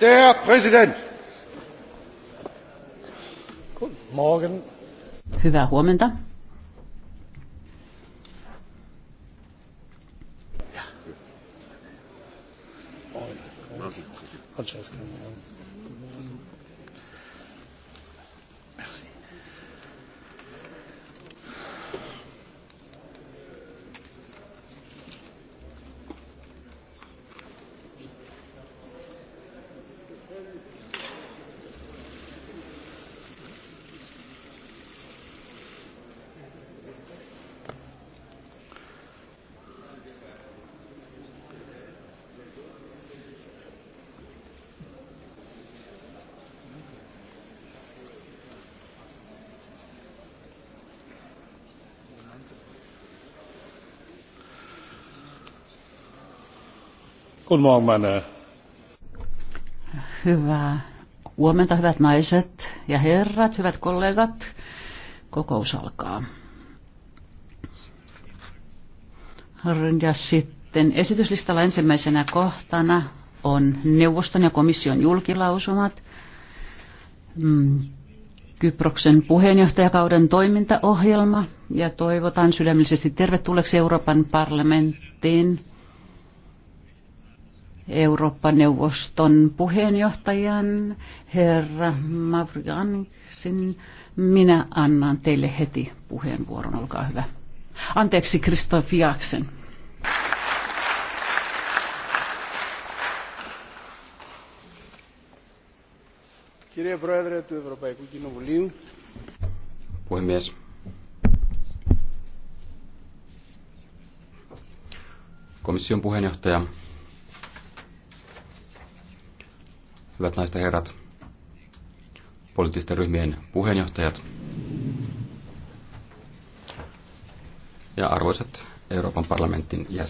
Der Präsident. Guten Morgen. Hyvää huomenta. Ja. Francesca. Guten Morgen, meine. Hyvää huomenta, hyvät naiset ja herrat, hyvät kollegat. Kokous alkaa. Ja sitten esityslistalla ensimmäisenä kohtana on neuvoston ja komission julkilausumat. Mm, Kyproksen puheenjohtajakauden toimintaohjelma ja toivotan sydämellisesti tervetulleeksi Euroopan parlamenttiin Eurooppa-neuvoston puheenjohtajan herra Mavrianiksin. Minä annan teille heti puheenvuoron, olkaa hyvä. Anteeksi, Kristof Jaaksen. Puhemies. Komission puheenjohtaja, hyvät naiset ja herrat, poliittisten ryhmien puheenjohtajat ja arvoisat Euroopan parlamentin jäsenet.